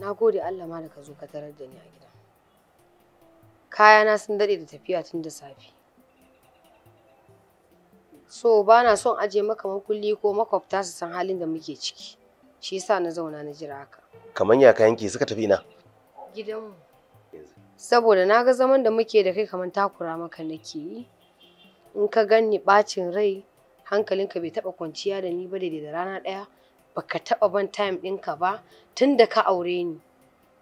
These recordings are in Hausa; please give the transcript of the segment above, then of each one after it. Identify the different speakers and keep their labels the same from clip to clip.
Speaker 1: Na gode Allah ma da ka zo ka tarar da ni a gida. Kayana sun daɗe da tafiya tun da safe. So ba na son aje maka makulli ko makwabta su san halin da muke ciki. Shi yasa na zauna na jira haka.
Speaker 2: Kamar ya kayan ki suka tafi na.
Speaker 1: Gidanmu. Saboda na ga zaman da muke da kai kamar takura maka nake yi. In ka ganni ɓacin rai hankalinka bai taɓa kwanciya da ni ba da rana ɗaya. baka taɓa ban time ɗinka ba tun da ka aure ni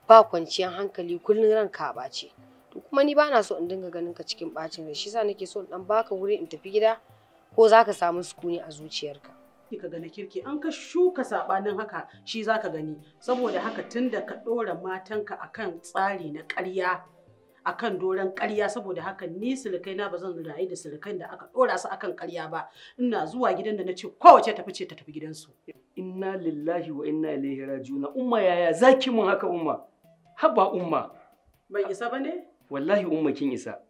Speaker 1: ba kwanciyar hankali kullum ranka a ɓace to kuma ni bana so in dinga ganin ka cikin ɓacin rai shi yasa nake so in dan baka wuri in tafi gida ko zaka samu sukuni a zuciyarka ka gani kirki an ka shuka sabanin haka shi za gani saboda haka tun da ka ɗora matanka akan
Speaker 3: tsari na ƙarya akan doron ƙarya saboda haka ni silikai na ba zan rayu da silikan da aka dora su akan ƙarya ba ina zuwa gidan da na ce kowace tafi ce ta tafi gidansu.
Speaker 4: Inna lillahi wa inna ilaihi rajiuna umma yaya zaki mun haka umma haba umma.
Speaker 3: Ban isa ba ne?
Speaker 4: Wallahi umma kin isa.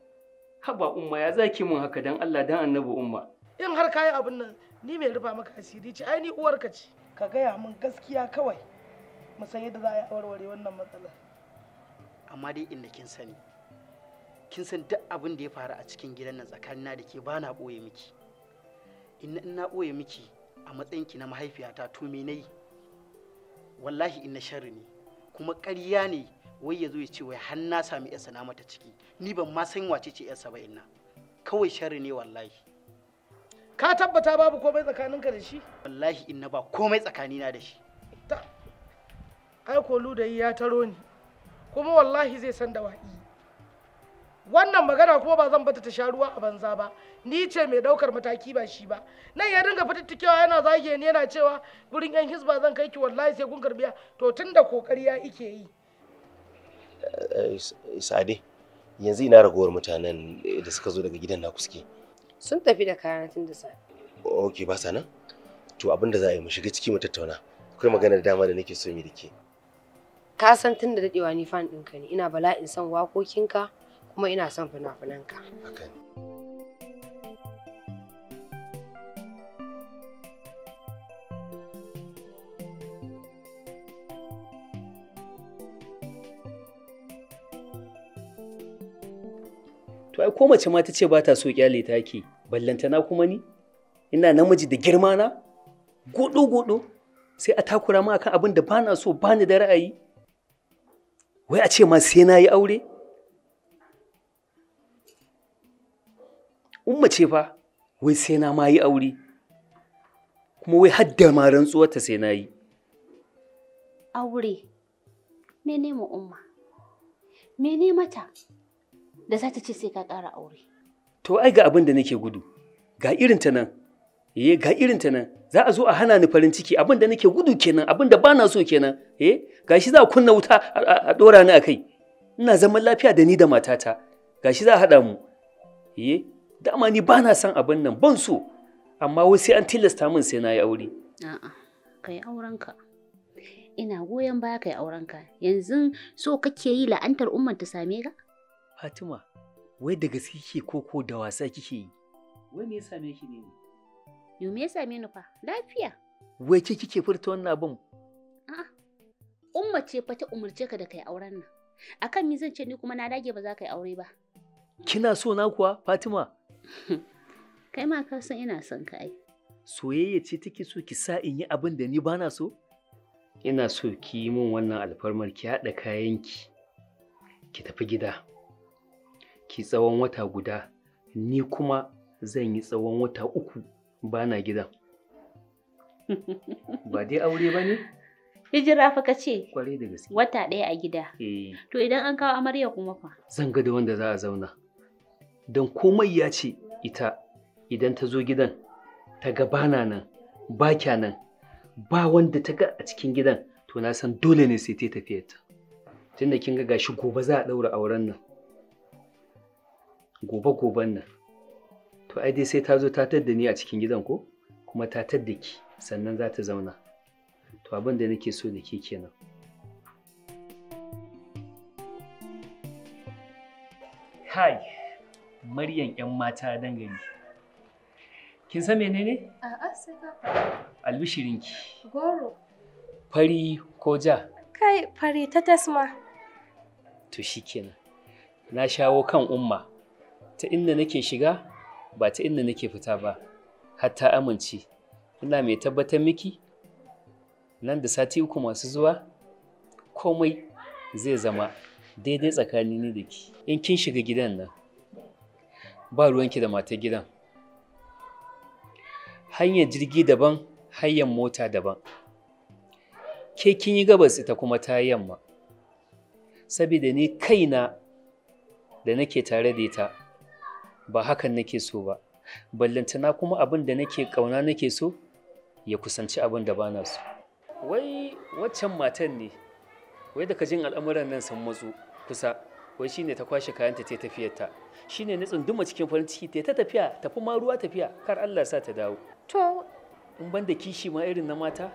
Speaker 4: Haba umma ya zaki mun haka dan Allah dan annabi umma.
Speaker 3: In har kai abin nan ni mai rufa maka asiri ce ai ni uwarka ce ka gaya mun gaskiya kawai mu san yadda za a warware wannan matsalar.
Speaker 5: Amma dai inda kin sani kin san duk abin da ya faru a cikin gidan nan tsakanina da ke bana ɓoye miki in na ɓoye miki a matsayinki na mahaifiyata to me nayi wallahi in na sharri ne kuma ƙarya ne wai ya zo ya ce wai har na sami yarsa na mata ciki ni ban ma san wace ce yarsa ba inna kawai sharri ne wallahi ka tabbata babu komai tsakaninka da shi wallahi inna ba komai tsakanina da shi ai ko ludayi ya taro ni kuma
Speaker 3: wallahi zai san da wa'i wannan magana kuma ba zan bata ta sha ruwa a banza ba ni ce mai daukar mataki ba shi ba nan ya dinga fitattakewa yana zage ni yana cewa gurin yan hisba zan kai ki wallahi sai kun karbiya to tunda kokari ya ike yi
Speaker 2: eh, eh, sade yanzu ina ragowar mutanen eh, da suka zo daga gidan naku suke
Speaker 1: sun tafi da kayan tun da safe
Speaker 2: ok ba sa nan to abin da za a yi mu shiga ciki mu tattauna akwai magana da dama da nake so mi dake
Speaker 1: ka san tun da dadewa ni fan ɗinka ne ina bala'in san wakokinka kuma ina son fina-finanka.
Speaker 4: To ai ko mace ma ta ce ba ta so kyale ballanta na kuma ni? Ina namiji da girma na? Godo-godo sai a takura ma akan abin da ba na so ba ni da ra'ayi. Wai a ce ma sai na yi aure? umma ce fa wai sai na ma yi aure kuma wai hadda ma rantsuwarta sai na yi
Speaker 6: aure mene mu umma mene mata da za ta ce sai ka ƙara aure
Speaker 4: to ai ga abin da nake gudu ga irin ta nan eh ga irin ta nan za a zo a hana ni farin ciki abin da nake gudu kenan abin da bana so kenan eh gashi za a kunna wuta a dora ni a kai, ina zaman lafiya da ni da matata gashi za a haɗa mu eh dama ni ba na son abin nan ban so amma wai sai an tilasta min sai na yi aure
Speaker 6: a'a kai aurenka ina goyon baya kai aurenka yanzu so kake yi la'antar umman ta same ka
Speaker 4: Fatima wai da gaske kike koko da wasa kike yi
Speaker 6: wai me ya same ki ne yo me ya same ni fa lafiya
Speaker 4: wai ke kike furta wannan abin
Speaker 6: a'a umma ce fa ta umurce ka da kai auren nan akan mi zan ce ni kuma na dage ba za ka yi aure ba
Speaker 4: kina so na kuwa Fatima
Speaker 6: Kai ma ka san ina son ka ai.
Speaker 4: Soyayya ce take so ki sa in yi abin da ni bana so? Ina so ki yi min wannan alfarmar ki haɗa kayanki, ki tafi gida, ki tsawon wata guda, ni kuma zan yi tsawon wata uku bana gidan. Ba dai aure ba ne?
Speaker 6: Hijira fa ka ce? Kwarai da gaske. Wata ɗaya a gida. Eh. To idan an kawo amarya kuma fa?
Speaker 4: Zan ga da wanda za a zauna. don komai ya ce ita idan ta zo gidan ta ga bana nan ba nan ba wanda ta ga a cikin gidan to na san dole ne sai ta tafiya ta tunda kin ga gashi gobe za a ɗaura auren nan gobe goben nan to ai dai sai ta zo ta tadda ni a cikin gidan ko kuma ta tadda ki sannan za ta zauna to abin da nake so da ke kenan Hi. Maryam 'yan mata dangane. Kin san menene?
Speaker 1: A'a sai ka
Speaker 4: Albishirinki. Goro. Fari ko ja?
Speaker 1: Kai fari ta tasma.
Speaker 4: To shikenan. Na shawo kan umma ta inda nake shiga ba ta inda nake fita ba. Hatta amince. Ina mai tabbatar miki nan da sati uku masu zuwa komai zai zama daidai tsakanini da ki in kin shiga gidan nan ba ruwanki da matar gidan hanyar jirgi daban hanyar mota daban ke kin yi gabas ita kuma ta yamma saboda ni kaina da nake tare da ita ba hakan nake so ba ballantana kuma abin da nake ƙauna nake so ya kusanci abin da bana so wai waccan matan ne wai daga jin al'amuran nan sun matsu kusa wai shine ta kwashe kayanta ta tafiyarta shine na tsunduma cikin farin ciki ta tafiya tafi ma ruwa tafiya kar Allah sa ta dawo to in ban da kishi ma irin na mata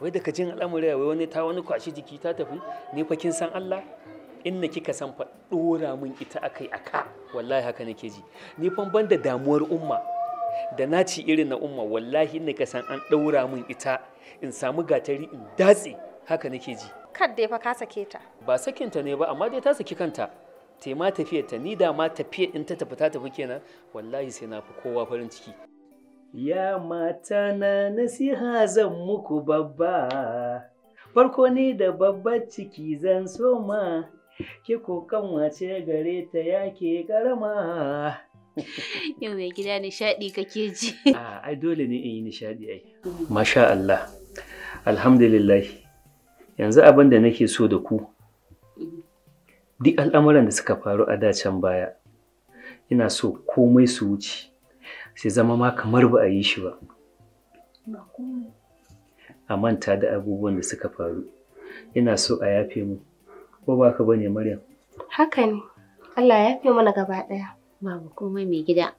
Speaker 4: wai da jin al'amari wai wani ta wani kwashi jiki ta tafi ne fa kin san Allah inna kika san fa dora min ita akai aka wallahi haka nake ji ni fa ban da damuwar umma da naci irin na umma wallahi inna ka san an daura min ita in samu gatari in datse haka nake ji
Speaker 6: kar dai fa ka sake ta
Speaker 4: ba sakinta ne ba amma dai ta saki kanta te ma tafiya ta ni da ma tafiya in ta tafi ta tafi kenan wallahi sai na fi kowa farin ciki ya mata na nasiha zan muku babba farko ni da babbar ciki zan so ma ki ko kanwace gare ta yake karama
Speaker 6: yau mai gida nishadi kake ji ah, ai
Speaker 4: dole ne in yi nishadi ai masha Allah alhamdulillah yanzu abin da nake so da ku duk al'amuran da suka faru a dacen baya ina so komai su wuce sai zama ma kamar ba a yi shi ba a manta da abubuwan da suka faru ina so a yafe mu ko ba ka bane maryam
Speaker 6: haka ne allah ya yafe mana gaba daya babu komai mai gida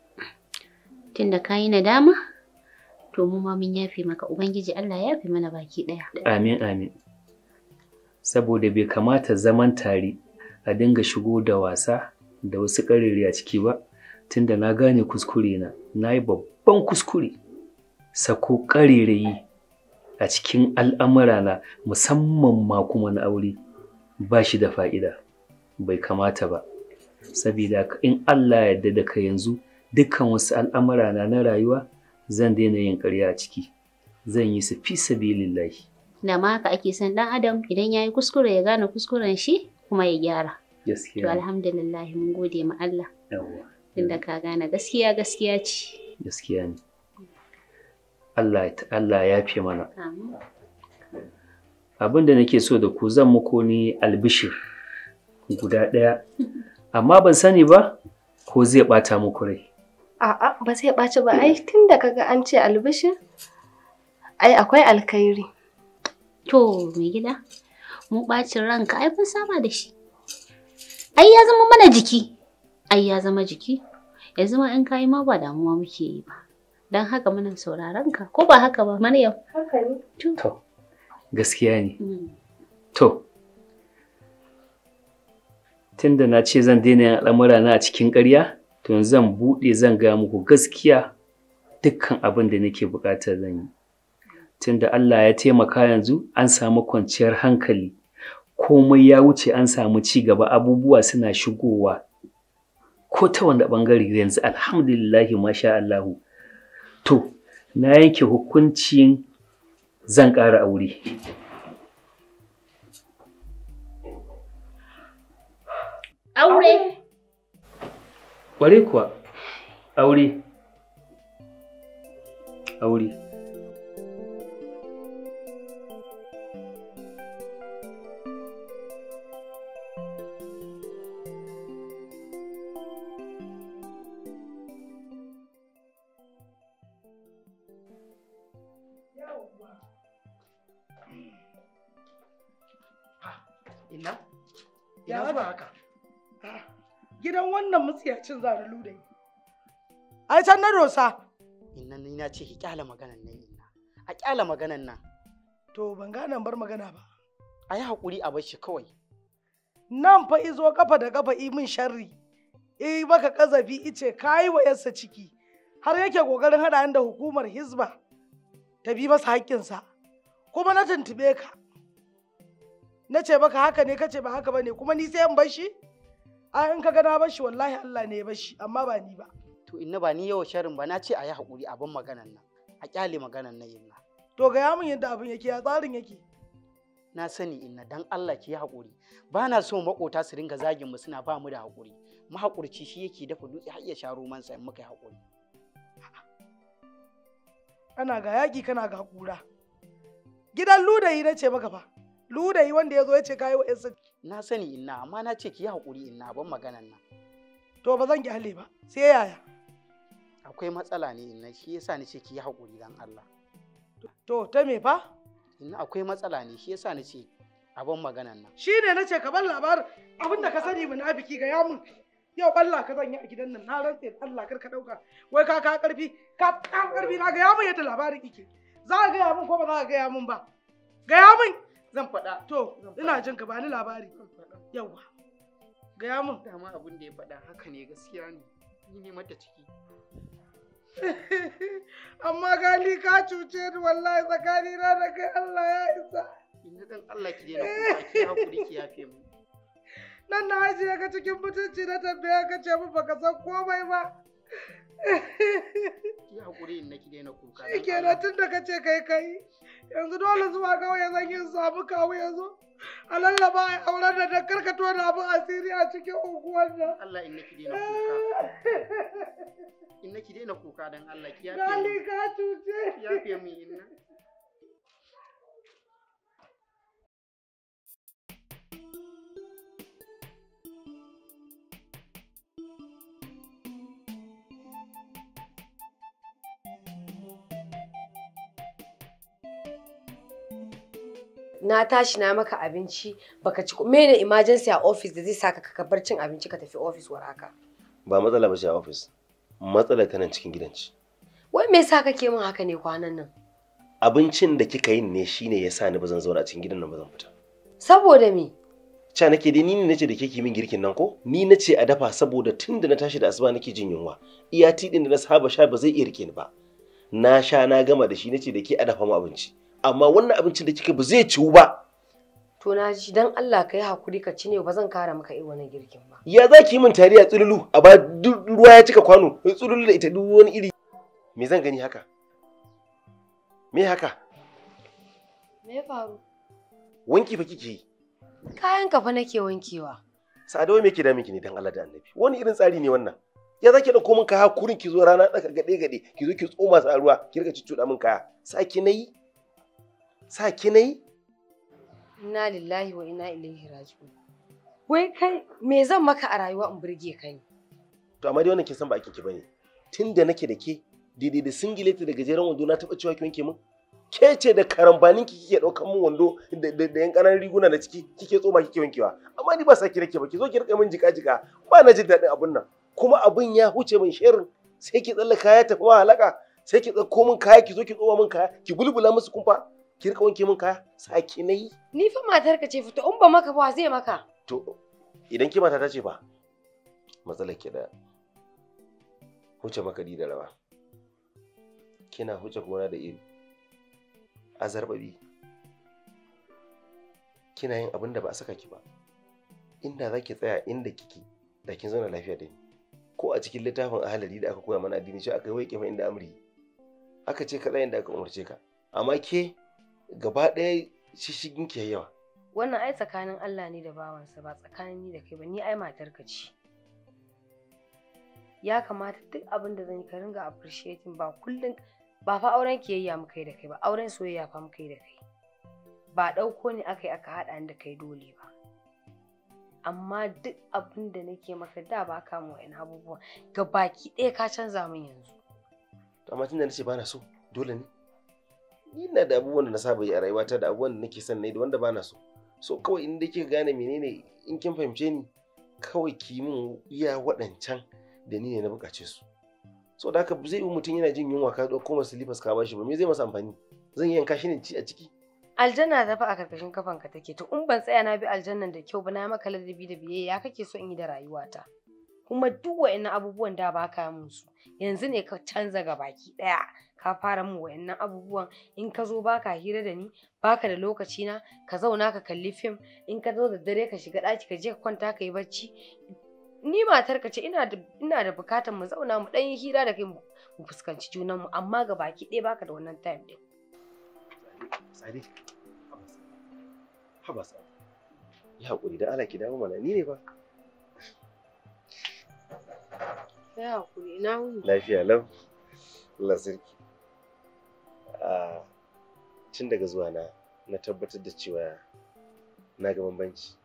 Speaker 6: tunda ka yi nadama to mu ma mun yafe maka ubangiji allah ya yafe mana baki ɗaya
Speaker 4: amin amin saboda bai kamata zaman tare a dinga shigo da wasa da wasu ƙarere a ciki ba tunda na gane kuskure na na yi babban kuskure sako ƙarerayi a cikin al'amurana musamman ma kuma na aure ba shi da fa'ida bai kamata ba saboda in Allah yarda da ka yanzu dukkan wasu al'amurana na rayuwa zan daina yin ƙarya a ciki zan yi su fi sabilillahi
Speaker 6: da ma ka ake son dan adam idan ya yi kuskure ya gane kuskuren shi kuma ya gyara to alhamdulillah mun gode ma Allah tunda ka gane gaskiya gaskiya ce
Speaker 4: gaskiya ne Allah Allah ya fi mana abin da nake so da ku zan muku ni albishir guda ɗaya amma ban sani ba ko zai ɓata muku rai
Speaker 1: a'a ba zai
Speaker 6: ɓaci ba ai tunda kaga an ce albishir ai akwai alkhairi To, mai gida, mu ɓacin ranka ai kun saba da shi. Ai ya zama mana jiki. Ai ya zama jiki. Yanzu ma in kayi ma ba damuwa muke yi ba. Don haka muna sauraron ka, ko ba haka ba Maryam? Haka ne. To,
Speaker 4: gaskiya ne. Mm. To, tun da na ce zan daina yin al'amura na a cikin ƙarya, to yanzu zan buɗe zan gaya muku gaskiya dukkan abin da nake buƙatar zan yi. tunda Allah ya taimaka yanzu an samu kwanciyar hankali komai ya wuce an samu ci gaba abubuwa suna shigowa ko ta wanda bangare yanzu alhamdulillahi masha Allahu to na yanke hukuncin zan ƙara aure
Speaker 6: aure
Speaker 4: ƙware kuwa aure aure
Speaker 3: Ina zuwa haka.
Speaker 5: Gidan wannan mutsiyacin za ni Ai can na dosa. Inna ni na ce ki kyala maganan nan inna. A kyala maganan nan. To ban gane bar magana ba. A yi a bashi kawai. Nan fa izo
Speaker 3: kafa da kafa i min sharri. I baka ƙazafi ice kayi wa yarsa ciki. Har yake ƙoƙarin haɗa da hukumar Hizba ta bi masa haƙƙinsa. Kuma na tuntuɓe ka. na ce maka haka ne kace ba haka bane kuma ni sai in bar shi
Speaker 5: a in ka gana bar shi wallahi Allah ne ya bar shi amma ba ni ba to inna ba ni yawa sharrin ba na ce a yi hakuri a ban maganan nan a kyale maganan nan inna to ga ya mun yadda abin yake ya tsarin yake na sani inna dan Allah ki yi hakuri ba na so makota su ringa zagin mu suna ba mu da hakuri mahaƙurci shi yake dafa dutse har ya sharo roman sa in muka yi hakuri
Speaker 3: ana ga yaki kana ga hakura.
Speaker 5: gidan ludayi na ce maka fa yi wanda ya zo ya ce kayi wa yansu na sani inna amma na ce ki yi haƙuri inna ban maganan nan to ba zan kyale ba sai yaya akwai matsala ne inna shi yasa ni ce ki yi haƙuri dan Allah to ta me fa inna akwai matsala ne shi yasa ni ce a ban maganan nan shi ne na ce ka bar labarin abin da ka sani
Speaker 3: munafiki ga ya mun yau balla ka zan yi a gidan nan na rantse Allah kar ka dauka wai ka ka karfi ka ka karfi na ga ya mun yadda labarin kike za ka ga ya mun ko ba za ka ga ya mun ba
Speaker 5: ga ya mun Zan faɗa. To, ina jin ka bani labari. Yawwa. Gaya min. Dama abin da ya faɗa haka ne gaskiya ne. Ni ne mata ciki.
Speaker 3: Amma gali ka cuce ni wallahi tsakani na da kai Allah ya isa.
Speaker 5: Ina dan Allah ki dena kuma ki hakuri ki yafe mu.
Speaker 3: Nan na ajiye ka cikin mutunci na tambaya ka ce mu baka san komai ba.
Speaker 5: Ki haƙuri in naki daina kuka. Shi
Speaker 3: tun da ka ce kai kai. Yanzu dole zuwa kawai zan yi samu kawo yanzu. A lallaba a auren da na karkato da abin asiri a
Speaker 5: cikin unguwar nan. Allah in naki daina kuka. In naki daina kuka don Allah ki yafe mu. ka cuce. Ki yafe mu inna.
Speaker 1: na tashi na maka abinci baka ci mene emergency a office da zai saka ka kabar cin abinci ka tafi office war haka
Speaker 2: ba matsala ba shi a office matsala tana cikin gidanci
Speaker 1: wai me yasa kake min haka ne kwanan nan
Speaker 2: abincin da kika yin ne shine yasa ni bazan zauna a cikin gidan nan bazan fita
Speaker 1: saboda me
Speaker 2: ca nake dai ni ne nace da kike min girkin nan ko ni nace a dafa saboda tunda na tashi da asuba nake jin yunwa iya tidin da na saba sha ba zai iya rike ni ba na sha na gama da shi nace da ke a dafa mu abinci amma wannan abincin da kika ba zai ciwu ba
Speaker 1: to na ji dan Allah kai hakuri ka ci ne ba zan kara maka irin wannan girkin
Speaker 2: ba ya za ki yi min tariya tsululu a ba ruwa ya cika kwano tsululu da ita duk wani iri me zan gani haka me haka me faru wanki fa kike yi
Speaker 1: kayan ka fa nake wankewa
Speaker 2: sa'adawa me yake da miki ne dan Allah da annabi wani irin tsari ne wannan ya zaki da komin kaya kurin ki zo rana tsaka gade gade ki zo ki tsoma su ruwa ki rika cuccuda min kaya na nayi sa kina nayi
Speaker 1: inna lillahi wa inna ilaihi raji'un wai kai me zan maka a rayuwa in burge ka ni?
Speaker 2: to amma dai wannan kin san ba aikin ki bane tunda nake da ke daidai da singileti da gajeren wando na taba cewa ki wanke min ke ce da karambanin ki kike daukan min wando da yan ƙananan riguna na ciki kike tsoma kike wankewa amma ni ba sa ki rake ba ki zo ki rika min jika jika ba na jin daɗin abun nan kuma abun ya huce min shirin sai ki tsalla kaya tafi wa halaka sai ki tsakko min kaya ki zo ki tsoma min kaya ki bulbula musu kumfa ki rika wanke min kaya saki nayi
Speaker 1: ni fa matar ka ce fito in ba maka ba zai maka
Speaker 2: to idan ki mata ta ce ba, matsalar ki da huce di da rawa kina huce gona da iri azarbabi kina yin abin da ba a saka ki ba inda za ki tsaya inda kike da kin zauna lafiya da ni ko a cikin littafin ahalari da aka koya mana addini shi aka yi waike inda amri aka ce ka tsaya inda aka umarce ka amma ke gaba ɗaya shishigin ke yawa
Speaker 1: wannan ai tsakanin Allah ne da bawansa ba tsakanin ni da kai ba ni ai matarka ce ya kamata duk abin da zan yi ka ringa appreciating ba kullum ba fa auren kiyayya muka yi da kai ba auren soyayya fa muka yi da kai ba ɗauko ne aka yi aka haɗa ni da kai dole ba amma duk abin da nake maka da ba ka mu wa'in abubuwa ga baki ɗaya ka canza min yanzu
Speaker 2: amma tunda nace ba na so dole ne ina da abubuwan da na saba yi a rayuwata da abubuwan da nake son ne da wanda bana so so kawai in dai kika gane menene in kin fahimce ni kawai ki min iya waɗancan da ni ne na bukace su so da haka zai yi mutum yana jin yunwa ka ɗauko masa slippers ka bashi ba me zai masa amfani zan yanka shi ne ci a ciki
Speaker 1: aljanna ta fa a karkashin kafanka take to in ban tsaya na bi aljannan da kyau ba na maka ladabi da biyayya kake so in yi da rayuwata kuma duk wa'annan abubuwan da baka musu yanzu ne ka canza ga baki daya ka fara min wayannan abubuwan in ka zo baka hira da ni baka da lokaci na ka zauna ka kalli fim in ka zo da dare ka shiga ɗaki ka je ka kwanta ka yi bacci ni matar ka ce ina da buƙatar bukatar mu zauna mu ɗan yi hira da kai mu fuskanci junan mu amma ga baki ɗaya baka da wannan time ɗin.
Speaker 2: haba ya haƙuri da Allah ki dawo mana ni ne ba.
Speaker 1: haƙuri, ina wuni.
Speaker 2: Lafiya lau, Allah sarki. tun daga zuwa na na tabbatar da cewa na ga bambanci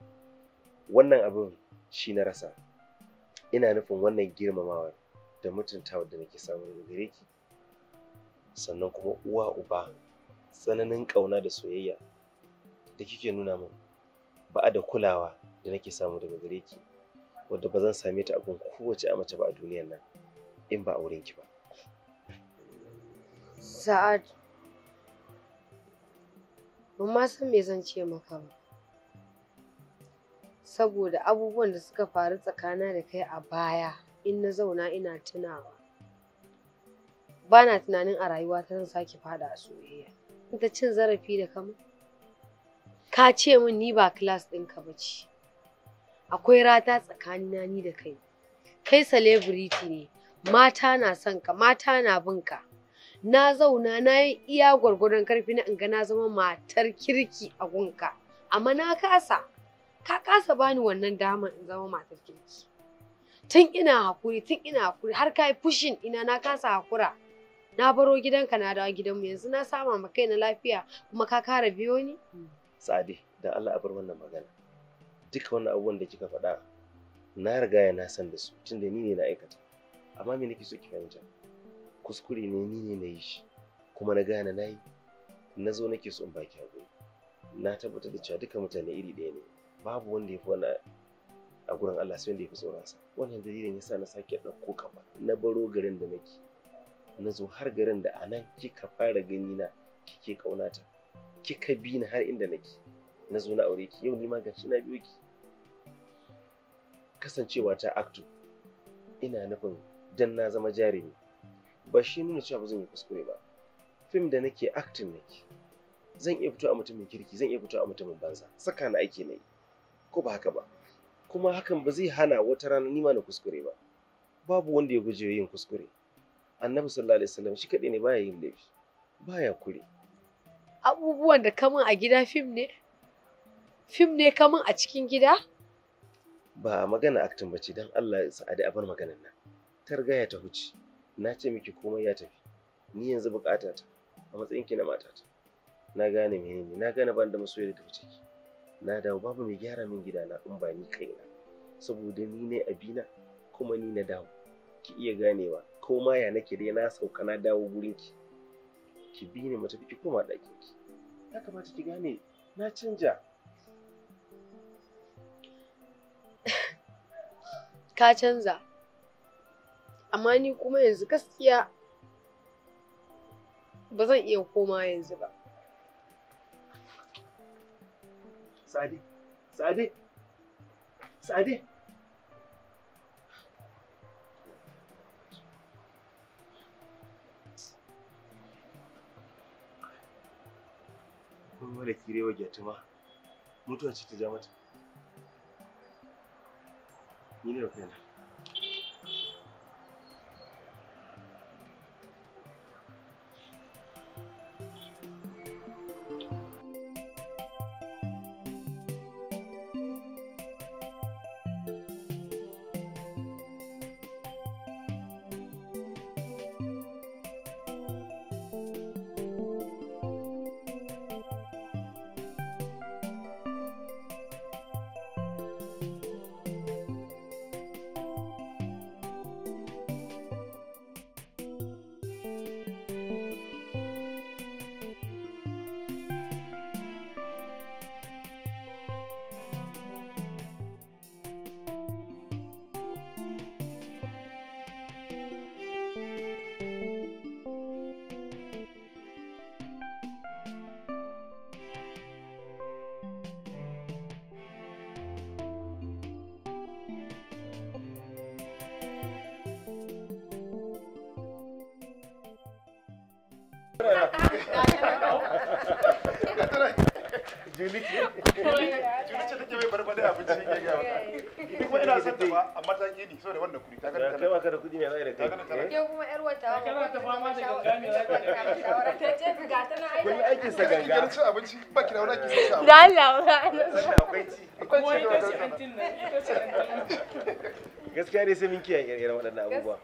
Speaker 2: wannan abin shi na rasa ina nufin wannan girmamawa da mutuntawa da nake samu daga gare ki sannan kuma uwa uba tsananin ƙauna da soyayya da kike nuna min ba'a da kulawa da nake samu daga gare ki wadda ba zan same ta a kowace a mace ba a duniyan nan in ba a wurin ki ba
Speaker 1: sa'ad ban ma san me zan ce maka ba saboda abubuwan da suka faru tsakana da kai a baya in na zauna ina tunawa ba na tunanin a rayuwa ta zan sake fada a soyayya ita cin zarafi da kama ka ce min ni ba class ɗinka ba ce akwai rata tsakanina ni da kai kai celebrity ne mata na son ka mata na bin ka na zauna na yi iya gwargwadon karfi na ga na zama matar kirki a gunka amma na kasa ka kasa bani wannan dama in zama matar kirki tun ina hakuri tun ina hakuri har kai fushin ina na kasa hakura na baro gidanka na dawo gidanmu yanzu na sama ma kai na lafiya kuma ka kara biyo ni
Speaker 2: sade dan Allah a bar wannan magana duka wannan abubuwan da kika faɗa na riga ya na san da su tunda ni ne na aikata amma me nake so ki fahimta kuskure ne ni ne na yi shi kuma na gane na yi na zo nake so in baki haƙuri na tabbatar da cewa duka mutane iri ɗaya ne babu wanda ya fi wani a gurin Allah sai wanda ya fi tsoronsa wannan dalilin yasa na sake ɗauko kafa na baro garin da nake na zo har garin da a nan kika fara gani na kike ƙaunata kika bi ni har inda nake na zo na aure ki yau ni ma gashi na biyo ki kasancewa ta acto ina nufin dan na zama jarumi ba shi nuna cewa ba zan yi kuskure ba fim da nake acting nake zan iya fito a mutumin kirki zan iya fito a mutumin banza saka na aiki ne ko ba haka ba kuma hakan ba zai hana wata rana nima na kuskure ba babu wanda ya guje yin kuskure annabi sallallahu alaihi wasallam shi kadai ne baya yin laifi baya kure
Speaker 1: abubuwan da kamun a gida fim ne fim ne kamun a cikin gida
Speaker 2: ba magana acting bace dan Allah ya sa a bar maganar nan targaya ta huce na ce miki komai ya tafi ni yanzu buƙata ta a matsayin ki na matata na gane menene na gane ban da masoyar da take na dawo babu mai gyara min gidana in ba ni kaina saboda ni ne abina kuma ni na dawo ki iya ganewa ko ma ya nake dai na sauka na dawo gurin ki ki bi ni mu tafi ki koma ɗakin ki ya kamata ki gane
Speaker 1: na canja ka canza amma ni kuma yanzu gaskiya ba zan iya koma yanzu ba
Speaker 2: sadi sadi sadi kuma da kire wa gyatuma mutuwa ce ta ja ni ne da kaina
Speaker 1: tuni ce take mai barbada abinci yake ga wata ni kuma ina
Speaker 2: son ta ba a mataki ne saboda wannan kai baka da kuɗi kuma ta ce
Speaker 1: aiki aiki
Speaker 2: da gaskiya sai mun kiyaye irin waɗannan abubuwa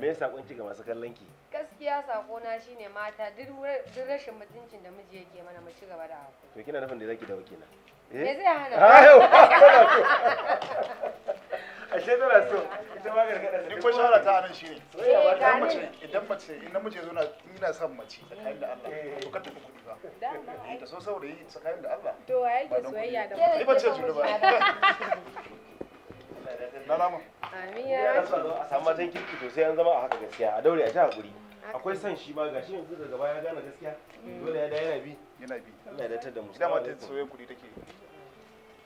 Speaker 2: me ya ki ga masu kallon ki
Speaker 1: gaskiya sakona shine mata duk rashin mutuncin da miji yake mana mu ci gaba da haƙuri
Speaker 2: to kina nufin da zaki dawo kenan me zai
Speaker 1: hana
Speaker 2: ashe tana so ita ma gargaɗa ni ko shawara ta anan shine eh, idan mace idan mace in namiji zo na ina son mace tsakanin da Allah eh. to ka tafi kuɗi ba da eh, so saurayi tsakanin da Allah
Speaker 1: to wa yake soyayya da mutum ni ba ce juna ba na lamu amin ya a samu matan
Speaker 2: kirki to sai an zama a haka gaskiya a daure a ji hakuri akwai son shi ma gashi yanzu daga baya gane gaskiya mm. dole ya da yana bi yana bi Allah ya datar da mu dama ta soyayya kuɗi take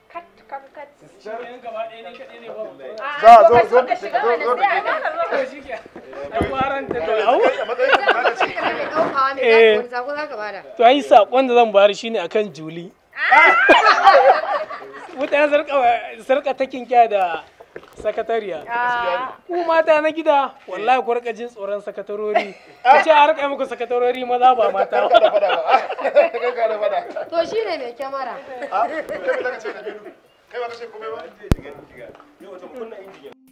Speaker 5: kat kam kat za zo da
Speaker 3: shiga sai a zo sakon eh. da zan bari shine akan juli ah! mutane sarka takin kya da sakatariya
Speaker 1: ah.
Speaker 3: ku mata na gida wallahi ku rika jin tsoron sakatarori ka ce a rika muku sakatarori maza ba mata
Speaker 1: to shine mai kyamara ah, kai ba ka ce komai ba ba yau wata kunna
Speaker 2: injiniya